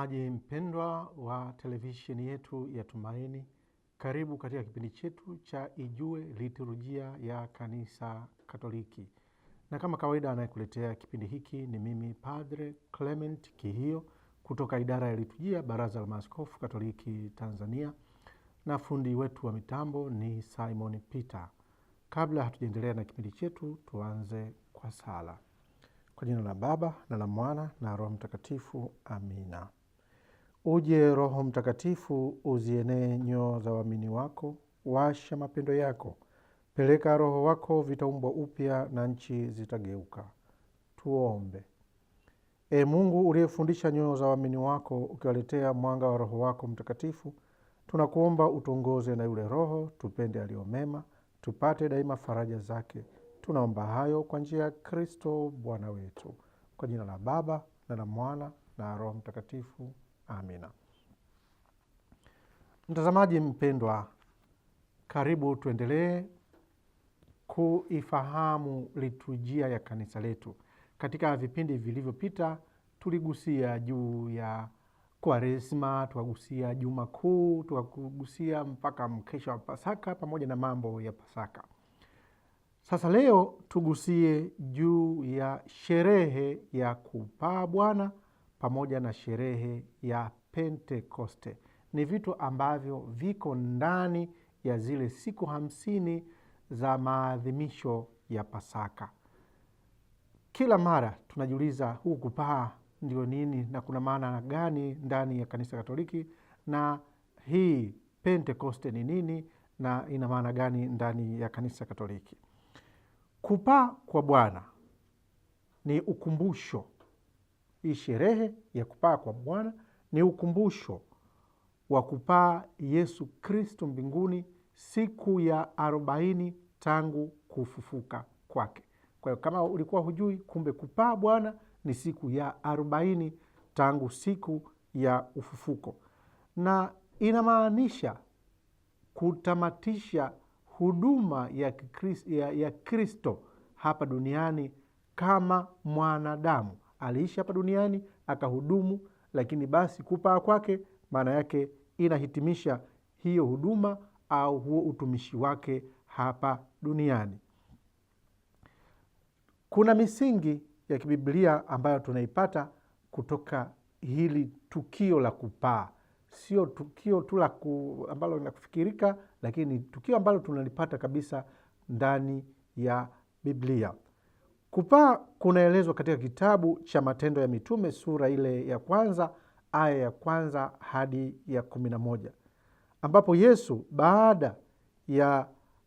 Mtazamaji mpendwa wa televisheni yetu ya Tumaini, karibu katika kipindi chetu cha Ijue Liturujia ya Kanisa Katoliki, na kama kawaida, anayekuletea kipindi hiki ni mimi Padre Clement Kihio kutoka idara ya liturujia, Baraza la Maaskofu Katoliki Tanzania, na fundi wetu wa mitambo ni Simon Peter. Kabla hatujaendelea na kipindi chetu, tuanze kwa sala. Kwa jina la Baba na la Mwana na Roho Mtakatifu, amina. Uje Roho Mtakatifu, uzienee nyoo za waamini wako, washa mapendo yako, peleka Roho wako, vitaumbwa upya na nchi zitageuka. Tuombe. E Mungu uliyefundisha nyoyo za waamini wako, ukiwaletea mwanga wa Roho wako Mtakatifu, tunakuomba utuongoze na yule Roho tupende aliyo mema, tupate daima faraja zake. Tunaomba hayo kwa njia ya Kristo Bwana wetu. Kwa jina la Baba na la Mwana na Roho Mtakatifu. Amina. Mtazamaji mpendwa, karibu tuendelee kuifahamu liturujia ya kanisa letu. Katika vipindi vilivyopita, tuligusia juu ya Kwaresma, tukagusia Juma Kuu, tukagusia mpaka mkesha wa Pasaka pamoja na mambo ya Pasaka. Sasa leo tugusie juu ya sherehe ya kupaa Bwana pamoja na sherehe ya Pentekoste. Ni vitu ambavyo viko ndani ya zile siku hamsini za maadhimisho ya Pasaka. Kila mara tunajiuliza huu kupaa ndio nini na kuna maana gani ndani ya kanisa Katoliki, na hii Pentekoste ni nini na ina maana gani ndani ya kanisa Katoliki? Kupaa kwa Bwana ni ukumbusho hii sherehe ya kupaa kwa Bwana ni ukumbusho wa kupaa Yesu Kristo mbinguni siku ya arobaini tangu kufufuka kwake. Kwa hiyo kama ulikuwa hujui, kumbe kupaa Bwana ni siku ya arobaini tangu siku ya ufufuko, na inamaanisha kutamatisha huduma ya Kristo, ya, ya Kristo hapa duniani kama mwanadamu aliishi hapa duniani akahudumu, lakini basi kupaa kwake maana yake inahitimisha hiyo huduma au huo utumishi wake hapa duniani. Kuna misingi ya kibiblia ambayo tunaipata kutoka hili tukio la kupaa, sio tukio tu la ambalo linakufikirika, lakini tukio ambalo tunalipata kabisa ndani ya Biblia. Kupaa kunaelezwa katika kitabu cha Matendo ya Mitume sura ile ya kwanza aya ya kwanza hadi ya kumi na moja ambapo Yesu baada ya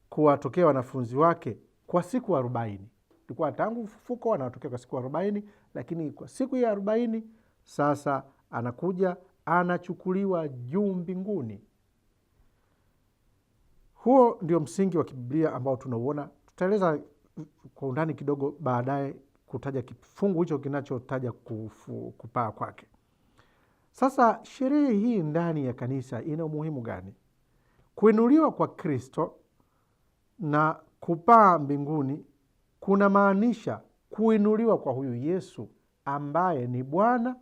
kuwatokea wanafunzi wake kwa siku arobaini ilikuwa tangu ufufuko anawatokea kwa siku arobaini lakini kwa siku ya arobaini sasa anakuja anachukuliwa juu mbinguni. Huo ndio msingi wa kibiblia ambao tunauona, tutaeleza kwa undani kidogo baadaye kutaja kifungu hicho kinachotaja kupaa kwake. Sasa sherehe hii ndani ya kanisa ina umuhimu gani? Kuinuliwa kwa Kristo na kupaa mbinguni kuna maanisha kuinuliwa kwa huyu Yesu ambaye ni Bwana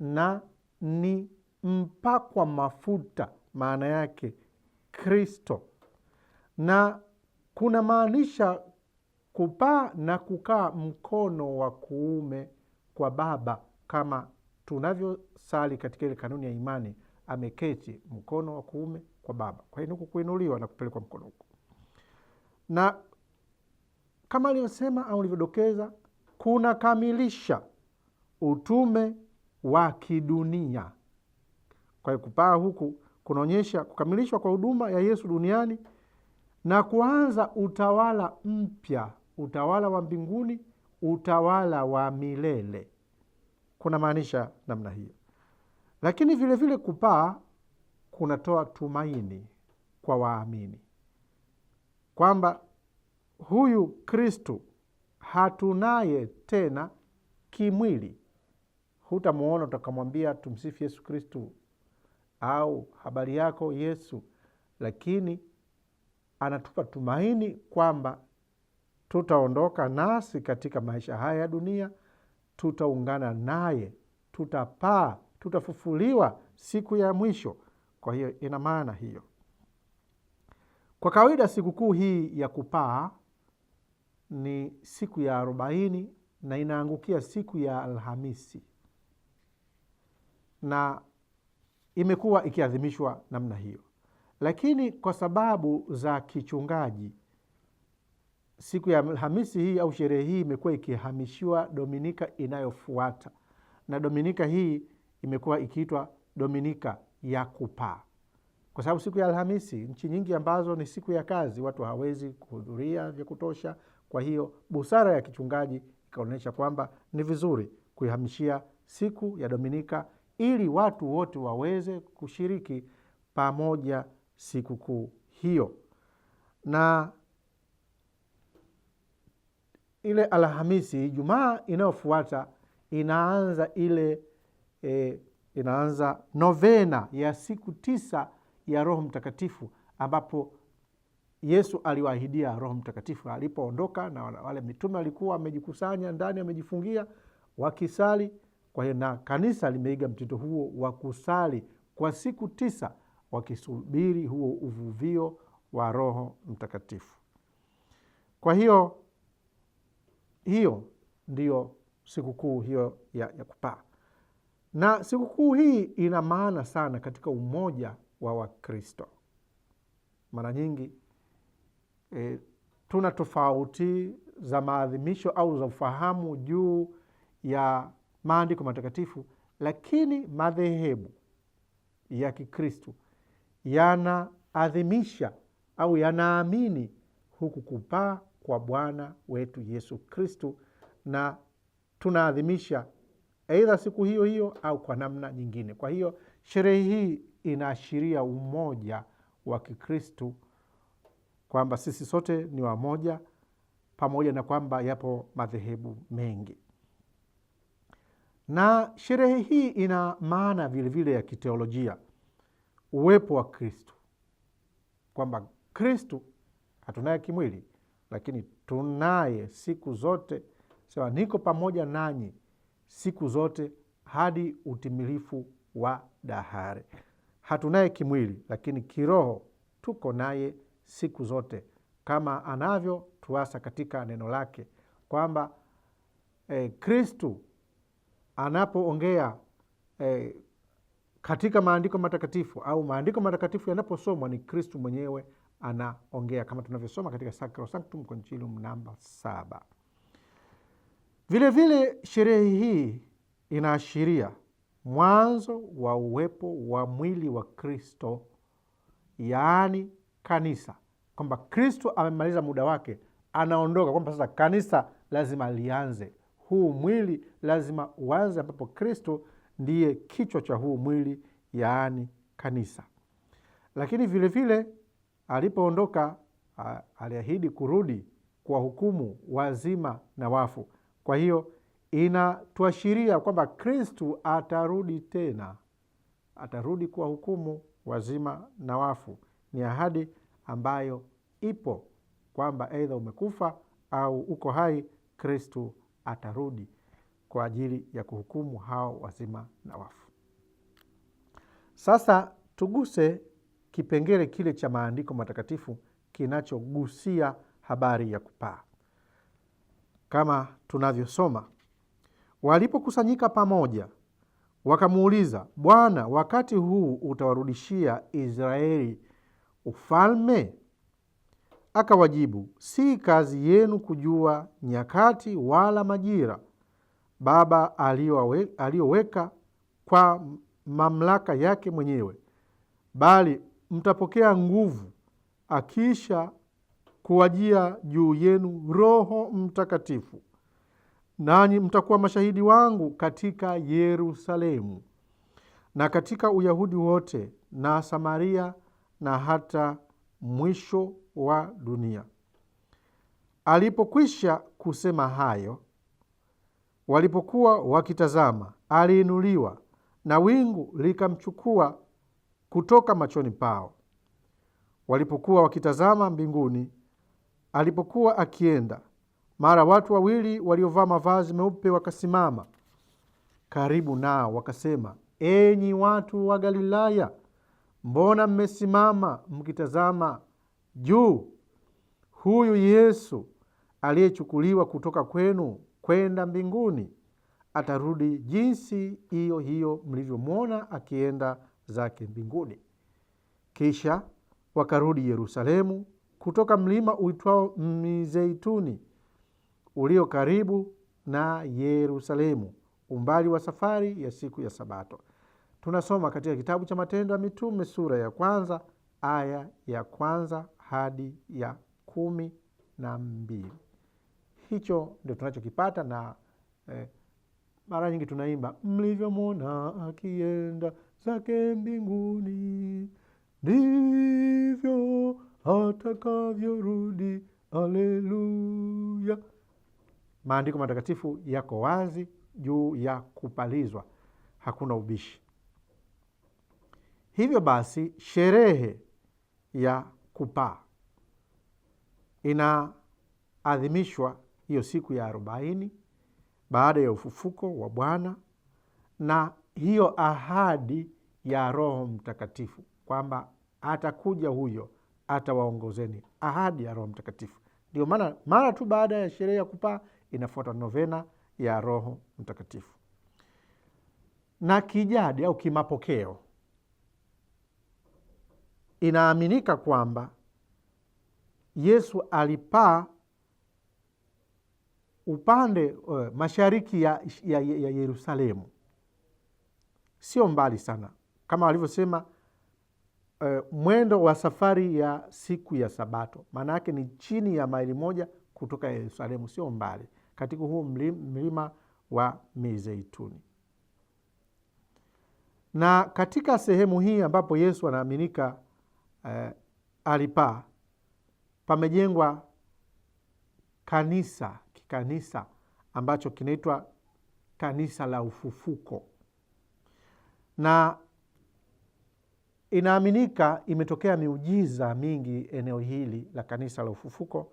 na ni mpakwa mafuta, maana yake Kristo, na kuna maanisha kupaa na kukaa mkono wa kuume kwa Baba kama tunavyosali katika ile kanuni ya imani, ameketi mkono wa kuume kwa Baba. Kwa hiyo huku kuinuliwa na kupelekwa mkono huku, na kama alivyosema au alivyodokeza, kunakamilisha utume wa kidunia. Kwa hiyo kupaa huku kunaonyesha kukamilishwa kwa huduma ya Yesu duniani na kuanza utawala mpya utawala wa mbinguni, utawala wa milele, kuna maanisha namna hiyo. Lakini vilevile vile kupaa kunatoa tumaini kwa waamini kwamba huyu Kristu hatunaye tena kimwili. Hutamwona, utakamwambia tumsifu Yesu Kristu au habari yako Yesu, lakini anatupa tumaini kwamba tutaondoka nasi katika maisha haya ya dunia, tutaungana naye, tutapaa, tutafufuliwa siku ya mwisho. Kwa hiyo ina maana hiyo. Kwa kawaida sikukuu hii ya kupaa ni siku ya arobaini na inaangukia siku ya Alhamisi na imekuwa ikiadhimishwa namna hiyo, lakini kwa sababu za kichungaji siku ya Hamisi hii au sherehe hii imekuwa ikihamishiwa Dominika inayofuata, na Dominika hii imekuwa ikiitwa Dominika ya kupaa, kwa sababu siku ya Alhamisi nchi nyingi ambazo ni siku ya kazi watu hawawezi kuhudhuria vya kutosha. Kwa hiyo busara ya kichungaji ikaonyesha kwamba ni vizuri kuihamishia siku ya Dominika ili watu wote waweze kushiriki pamoja sikukuu hiyo na ile Alhamisi, Ijumaa inayofuata inaanza ile e, inaanza novena ya siku tisa ya Roho Mtakatifu ambapo Yesu aliwaahidia Roho Mtakatifu alipoondoka, na wale mitume walikuwa wamejikusanya ndani, wamejifungia wakisali. Kwa hiyo na kanisa limeiga mtindo huo wa kusali kwa siku tisa wakisubiri huo uvuvio wa Roho Mtakatifu. Kwa hiyo hiyo ndiyo sikukuu hiyo ya, ya kupaa, na sikukuu hii ina maana sana katika umoja wa Wakristo. Mara nyingi e, tuna tofauti za maadhimisho au za ufahamu juu ya maandiko matakatifu, lakini madhehebu ya Kikristu yanaadhimisha au yanaamini huku kupaa kwa Bwana wetu Yesu Kristu, na tunaadhimisha aidha siku hiyo hiyo au kwa namna nyingine. Kwa hiyo sherehe hii inaashiria umoja wa Kikristu, kwamba sisi sote ni wamoja, pamoja na kwamba yapo madhehebu mengi. Na sherehe hii ina maana vilevile ya kiteolojia, uwepo wa Kristu, kwamba Kristu hatunaye kimwili, lakini tunaye siku zote, sema niko pamoja nanyi siku zote hadi utimilifu wa dahari. Hatunaye kimwili, lakini kiroho tuko naye siku zote, kama anavyo tuasa katika neno lake kwamba eh, Kristu anapoongea eh, katika maandiko matakatifu au maandiko matakatifu yanaposomwa ni Kristu mwenyewe anaongea kama tunavyosoma katika Sacrosanctum Concilium namba saba. Vilevile sherehe hii inaashiria mwanzo wa uwepo wa mwili wa Kristo, yaani kanisa, kwamba Kristo amemaliza muda wake, anaondoka, kwamba sasa kanisa lazima lianze. Huu mwili lazima uanze, ambapo Kristo ndiye kichwa cha huu mwili, yaani kanisa. Lakini vilevile vile, Alipoondoka aliahidi kurudi kwa hukumu wazima na wafu. Kwa hiyo inatuashiria kwamba Kristu atarudi tena, atarudi kwa hukumu wazima na wafu. Ni ahadi ambayo ipo kwamba aidha umekufa au uko hai, Kristu atarudi kwa ajili ya kuhukumu hao wazima na wafu. Sasa tuguse kipengele kile cha maandiko matakatifu kinachogusia habari ya kupaa, kama tunavyosoma: walipokusanyika pamoja wakamuuliza Bwana, wakati huu utawarudishia Israeli ufalme? Akawajibu, si kazi yenu kujua nyakati wala majira Baba aliyoweka kwa mamlaka yake mwenyewe, bali mtapokea nguvu akiisha kuwajia juu yenu Roho Mtakatifu, nanyi mtakuwa mashahidi wangu katika Yerusalemu na katika Uyahudi wote na Samaria na hata mwisho wa dunia. Alipokwisha kusema hayo, walipokuwa wakitazama, aliinuliwa na wingu likamchukua kutoka machoni pao walipokuwa wakitazama mbinguni alipokuwa akienda. Mara watu wawili waliovaa mavazi meupe wakasimama karibu nao, wakasema, enyi watu wa Galilaya, mbona mmesimama mkitazama juu? Huyu Yesu aliyechukuliwa kutoka kwenu kwenda mbinguni atarudi jinsi hiyo hiyo mlivyomwona akienda zake mbinguni. Kisha wakarudi Yerusalemu kutoka mlima uitwao Mizeituni ulio karibu na Yerusalemu, umbali wa safari ya siku ya Sabato. Tunasoma katika kitabu cha Matendo ya Mitume sura ya kwanza aya ya kwanza hadi ya kumi na mbili. Hicho ndio tunachokipata na eh, mara nyingi tunaimba mlivyomwona akienda zake mbinguni, ndivyo atakavyorudi. Aleluya! Maandiko matakatifu yako wazi juu ya kupalizwa, hakuna ubishi. Hivyo basi, sherehe ya kupaa inaadhimishwa hiyo siku ya arobaini baada ya ufufuko wa Bwana na hiyo ahadi ya Roho Mtakatifu kwamba atakuja huyo atawaongozeni, ahadi ya Roho Mtakatifu. Ndio maana mara tu baada ya sherehe ya kupaa inafuata novena ya Roho Mtakatifu. Na kijadi au kimapokeo, inaaminika kwamba Yesu alipaa upande uh, mashariki ya, ya, ya Yerusalemu sio mbali sana kama walivyosema eh, mwendo wa safari ya siku ya Sabato, maana yake ni chini ya maili moja kutoka Yerusalemu, sio mbali, katika huu mlima wa Mizeituni. Na katika sehemu hii ambapo Yesu anaaminika eh, alipaa, pamejengwa kanisa kikanisa ambacho kinaitwa kanisa la ufufuko na inaaminika imetokea miujiza mingi eneo hili la kanisa la ufufuko,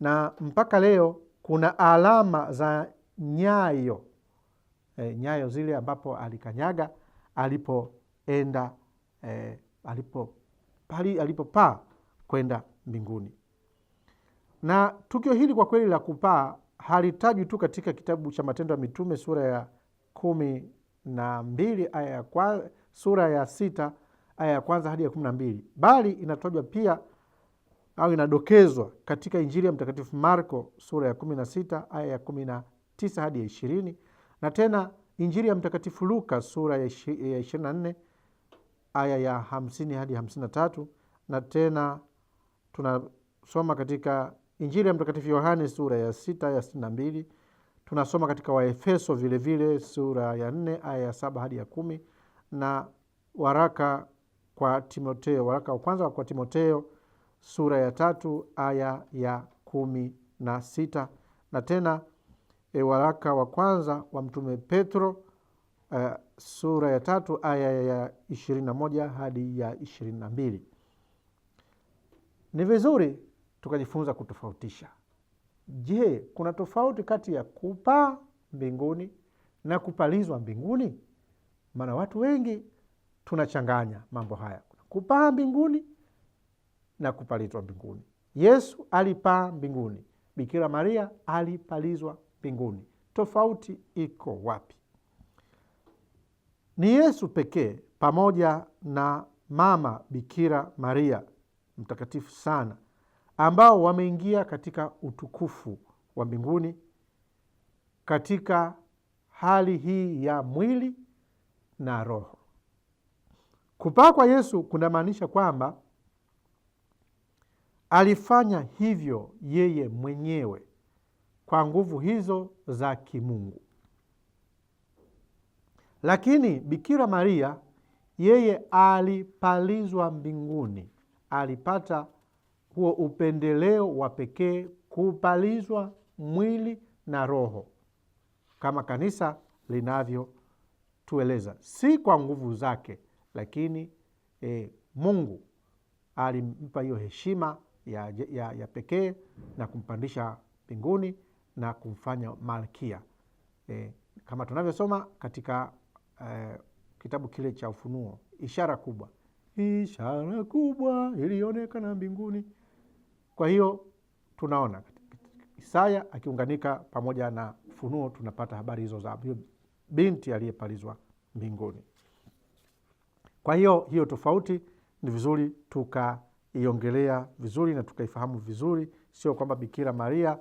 na mpaka leo kuna alama za nyayo e, nyayo zile ambapo alikanyaga alipoenda e, alipo pali alipopaa kwenda mbinguni. Na tukio hili kwa kweli la kupaa halitajwi tu katika kitabu cha Matendo ya Mitume sura ya kumi na mbili aya ya kwa, sura ya sita aya ya kwanza hadi ya kumi na mbili bali inatajwa pia au inadokezwa katika Injili ya Mtakatifu Marko sura ya kumi na sita aya ya kumi na tisa hadi ya ishirini na tena Injili ya Mtakatifu Luka sura ya ishirini na nne aya ya hamsini hadi hamsini na tatu na tena tunasoma katika Injili ya Mtakatifu Yohane sura ya sita aya ya sitini na mbili tunasoma katika Waefeso vilevile sura ya nne aya ya saba hadi ya kumi na waraka kwa Timoteo, waraka wa kwanza kwa Timoteo sura ya tatu aya ya kumi na sita na tena e, waraka wa kwanza wa Mtume Petro uh, sura ya tatu aya ya ishirini na moja hadi ya ishirini na mbili. Ni vizuri tukajifunza kutofautisha. Je, kuna tofauti kati ya kupaa mbinguni na kupalizwa mbinguni? Maana watu wengi tunachanganya mambo haya, kupaa mbinguni na kupalizwa mbinguni. Yesu alipaa mbinguni, Bikira Maria alipalizwa mbinguni. Tofauti iko wapi? Ni Yesu pekee pamoja na mama Bikira Maria mtakatifu sana ambao wameingia katika utukufu wa mbinguni katika hali hii ya mwili na roho. Kupaa kwa Yesu kunamaanisha kwamba alifanya hivyo yeye mwenyewe kwa nguvu hizo za kimungu. Lakini Bikira Maria yeye alipalizwa mbinguni, alipata huo upendeleo wa pekee kupalizwa mwili na roho, kama kanisa linavyotueleza, si kwa nguvu zake, lakini e, Mungu alimpa hiyo heshima ya, ya, ya pekee na kumpandisha mbinguni na kumfanya malkia e, kama tunavyosoma katika e, kitabu kile cha Ufunuo, ishara kubwa, ishara kubwa ilionekana mbinguni kwa hiyo tunaona Isaya akiunganika pamoja na Ufunuo, tunapata habari hizo za binti aliyepalizwa mbinguni. Kwa hiyo hiyo tofauti ni vizuri tukaiongelea vizuri na tukaifahamu vizuri, sio kwamba Bikira Maria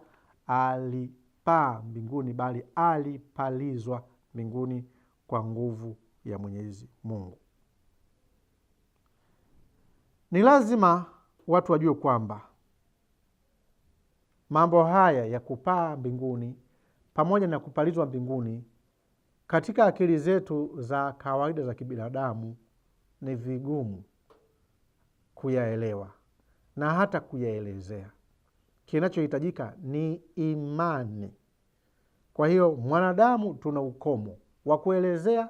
alipaa mbinguni, bali alipalizwa mbinguni kwa nguvu ya Mwenyezi Mungu. Ni lazima watu wajue kwamba mambo haya ya kupaa mbinguni pamoja na kupalizwa mbinguni katika akili zetu za kawaida za kibinadamu ni vigumu kuyaelewa na hata kuyaelezea. Kinachohitajika ni imani. Kwa hiyo, mwanadamu tuna ukomo wa kuelezea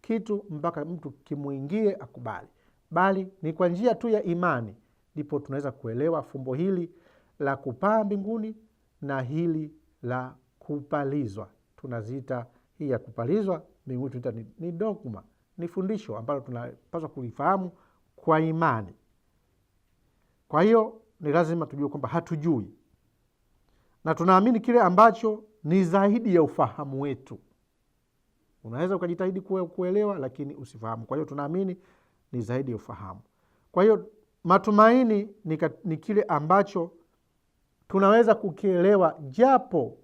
kitu mpaka mtu kimwingie akubali, bali ni kwa njia tu ya imani ndipo tunaweza kuelewa fumbo hili la kupaa mbinguni na hili la kupalizwa, tunaziita hii ya kupalizwa mbinguni tunaita ni, ni dogma, ni fundisho ambalo tunapaswa kulifahamu kwa imani. Kwa hiyo ni lazima tujue kwamba hatujui na tunaamini kile ambacho ni zaidi ya ufahamu wetu. Unaweza ukajitahidi kuelewa, lakini usifahamu. Kwa hiyo tunaamini ni zaidi ya ufahamu. Kwa hiyo matumaini ni, ni kile ambacho tunaweza kukielewa japo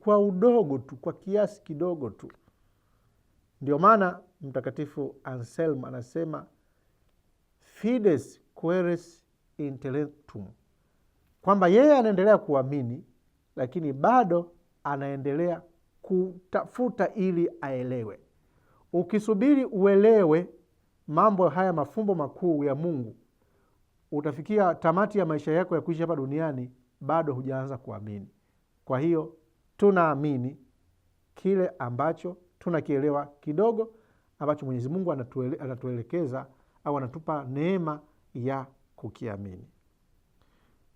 kwa udogo tu, kwa kiasi kidogo tu. Ndio maana Mtakatifu Anselm anasema fides queres intellectum, kwamba yeye anaendelea kuamini, lakini bado anaendelea kutafuta ili aelewe. Ukisubiri uelewe mambo haya mafumbo makuu ya Mungu, utafikia tamati ya maisha yako ya kuishi hapa duniani bado hujaanza kuamini. Kwa hiyo tunaamini kile ambacho tunakielewa kidogo ambacho Mwenyezi Mungu anatuele, anatuelekeza au anatupa neema ya kukiamini.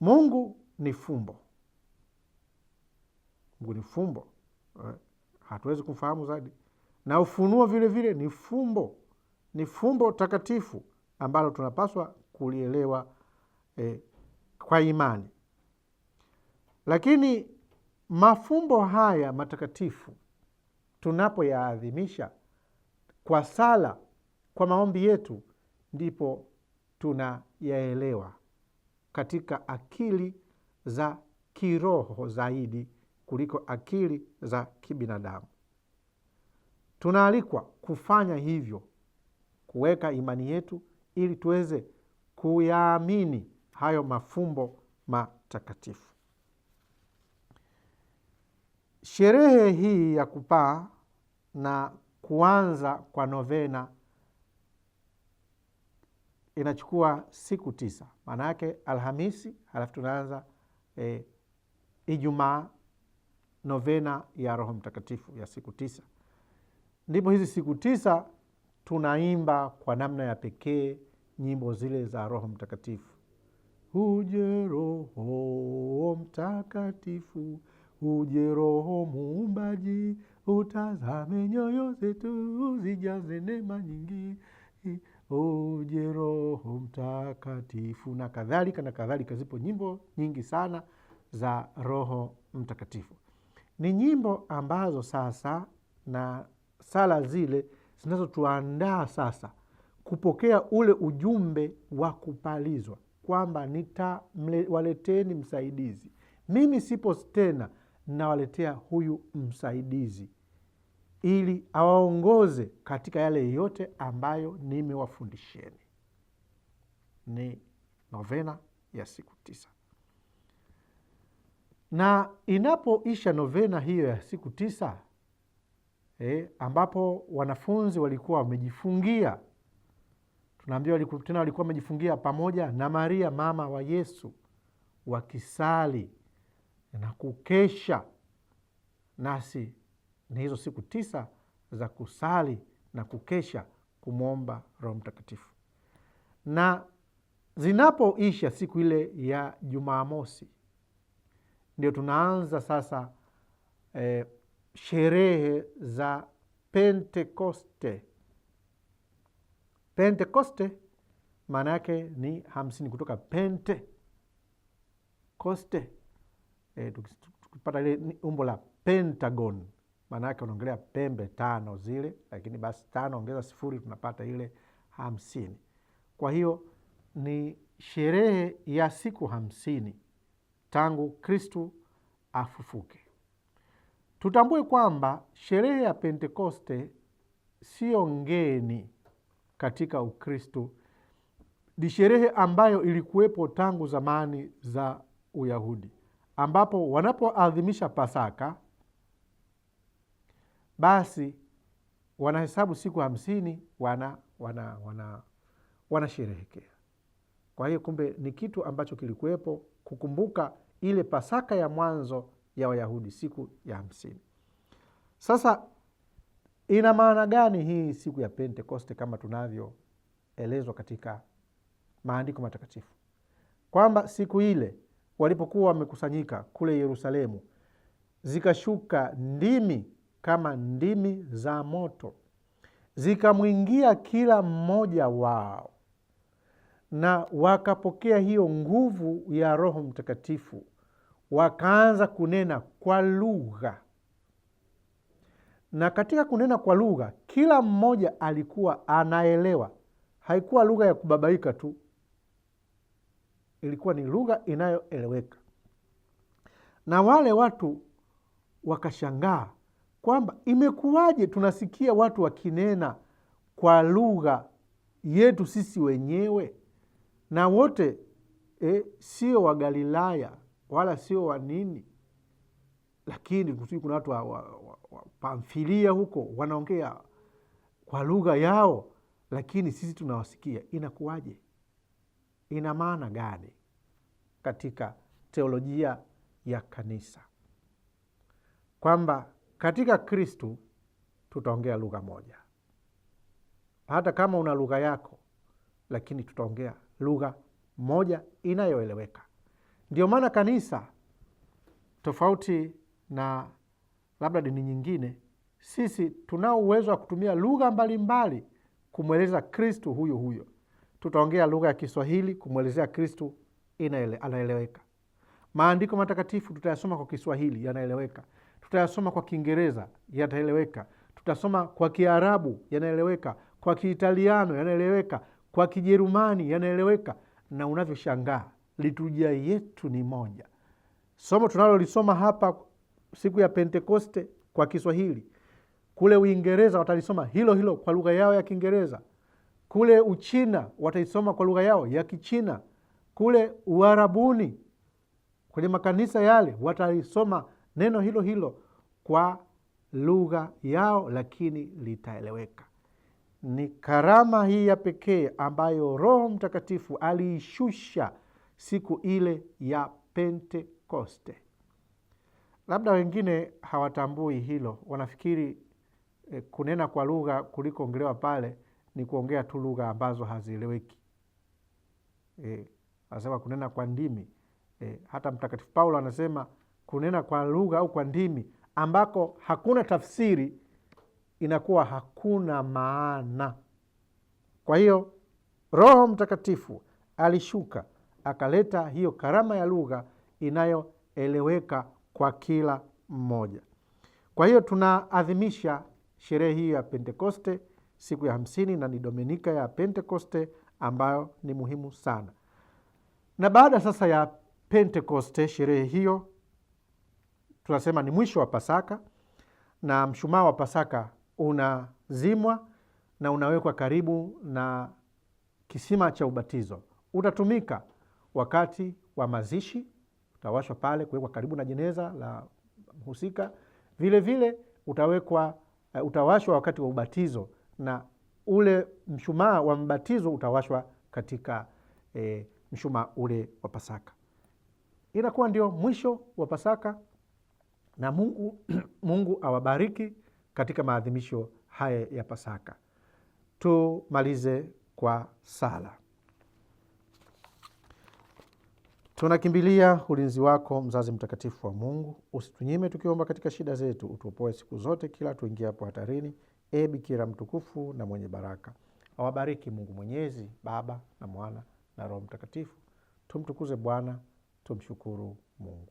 Mungu ni fumbo. Mungu ni fumbo, eh, hatuwezi kumfahamu zaidi, na ufunuo vilevile vile, ni fumbo, ni fumbo takatifu ambalo tunapaswa kulielewa eh, kwa imani. Lakini mafumbo haya matakatifu tunapoyaadhimisha kwa sala, kwa maombi yetu, ndipo tunayaelewa katika akili za kiroho zaidi kuliko akili za kibinadamu. Tunaalikwa kufanya hivyo, kuweka imani yetu ili tuweze kuyaamini hayo mafumbo matakatifu. Sherehe hii ya kupaa na kuanza kwa novena inachukua siku tisa, maana yake Alhamisi halafu tunaanza e, Ijumaa novena ya Roho Mtakatifu ya siku tisa. Ndipo hizi siku tisa tunaimba kwa namna ya pekee nyimbo zile za Roho Mtakatifu. Uje Roho Mtakatifu Uje Roho Muumbaji, utazame nyoyo zetu, zijaze neema nyingi. Uje Roho Mtakatifu na kadhalika na kadhalika. Zipo nyimbo nyingi sana za Roho Mtakatifu, ni nyimbo ambazo sasa na sala zile zinazotuandaa sasa kupokea ule ujumbe wa kupalizwa kwamba nitawaleteni msaidizi, mimi sipo tena nawaletea huyu msaidizi ili awaongoze katika yale yote ambayo nimewafundisheni. Ni novena ya siku tisa, na inapoisha novena hiyo ya siku tisa eh, ambapo wanafunzi walikuwa wamejifungia, tunaambiwa tena walikuwa wamejifungia pamoja na Maria mama wa Yesu wakisali na kukesha nasi ni hizo siku tisa za kusali na kukesha kumwomba Roho Mtakatifu. Na zinapoisha siku ile ya Jumamosi, ndio tunaanza sasa eh, sherehe za Pentekoste. Pentekoste maana yake ni hamsini, kutoka pente koste e, tukipata ile umbo la pentagon, maana yake unaongelea pembe tano zile, lakini basi tano ongeza sifuri tunapata ile hamsini. Kwa hiyo ni sherehe ya siku hamsini tangu Kristu afufuke. Tutambue kwamba sherehe ya Pentekoste siyo ngeni katika Ukristu. Ni sherehe ambayo ilikuwepo tangu zamani za Uyahudi ambapo wanapoadhimisha Pasaka basi wanahesabu siku hamsini wana wana wana wanasherehekea. Kwa hiyo kumbe ni kitu ambacho kilikuwepo kukumbuka ile Pasaka ya mwanzo ya Wayahudi siku ya hamsini. Sasa ina maana gani hii siku ya Pentekoste kama tunavyoelezwa katika maandiko matakatifu kwamba siku ile walipokuwa wamekusanyika kule Yerusalemu, zikashuka ndimi kama ndimi za moto, zikamwingia kila mmoja wao, na wakapokea hiyo nguvu ya Roho Mtakatifu, wakaanza kunena kwa lugha. Na katika kunena kwa lugha, kila mmoja alikuwa anaelewa, haikuwa lugha ya kubabaika tu ilikuwa ni lugha inayoeleweka, na wale watu wakashangaa kwamba imekuwaje tunasikia watu wakinena kwa lugha yetu sisi wenyewe, na wote e, sio Wagalilaya wala sio wanini, lakini kuna watu wa, wa, wa, wa Pamfilia huko wanaongea kwa lugha yao, lakini sisi tunawasikia. Inakuwaje? ina maana gani katika teolojia ya kanisa, kwamba katika Kristu tutaongea lugha moja, hata kama una lugha yako, lakini tutaongea lugha moja inayoeleweka. Ndio maana kanisa, tofauti na labda dini nyingine, sisi tunao uwezo wa kutumia lugha mbalimbali kumweleza Kristu huyo huyo tutaongea lugha ya Kiswahili kumwelezea Kristu anaeleweka. Maandiko matakatifu tutayasoma kwa Kiswahili, yanaeleweka. Tutayasoma kwa Kiingereza, yataeleweka. Tutasoma kwa Kiarabu, yanaeleweka. Kwa Kiitaliano, yanaeleweka. Kwa Kijerumani, yanaeleweka. Na unavyoshangaa liturujia yetu ni moja. Somo tunalolisoma hapa siku ya Pentekoste kwa Kiswahili, kule Uingereza watalisoma hilo hilo kwa lugha yao ya Kiingereza kule Uchina wataisoma kwa lugha yao ya Kichina, kule Uarabuni kwenye makanisa yale wataisoma neno hilo hilo kwa lugha yao, lakini litaeleweka. Ni karama hii ya pekee ambayo Roho Mtakatifu aliishusha siku ile ya Pentekoste. Labda wengine hawatambui hilo, wanafikiri eh, kunena kwa lugha kulikoongelewa pale ni kuongea tu lugha ambazo hazieleweki. E, anasema kunena kwa ndimi e, hata Mtakatifu Paulo anasema kunena kwa lugha au kwa ndimi ambako hakuna tafsiri inakuwa hakuna maana. Kwa hiyo Roho Mtakatifu alishuka akaleta hiyo karama ya lugha inayoeleweka kwa kila mmoja. Kwa hiyo tunaadhimisha sherehe hiyo ya Pentekoste siku ya hamsini na ni Dominika ya Pentekoste ambayo ni muhimu sana. Na baada sasa ya Pentekoste, sherehe hiyo tunasema ni mwisho wa Pasaka na mshumaa wa Pasaka unazimwa na unawekwa karibu na kisima cha ubatizo. Utatumika wakati wa mazishi, utawashwa pale kuwekwa karibu na jeneza la mhusika. Vilevile utawekwa, utawashwa wakati wa ubatizo na ule mshumaa wa mbatizo utawashwa katika e, mshumaa ule wa Pasaka. Inakuwa ndio mwisho wa Pasaka na Mungu, Mungu awabariki katika maadhimisho haya ya Pasaka. Tumalize kwa sala. Tunakimbilia ulinzi wako, mzazi mtakatifu wa Mungu. Usitunyime tukiomba katika shida zetu, utuopoe siku zote kila tuingiapo hatarini e Bikira mtukufu na mwenye baraka. Awabariki Mungu Mwenyezi, Baba na Mwana na Roho Mtakatifu. Tumtukuze Bwana, tumshukuru Mungu.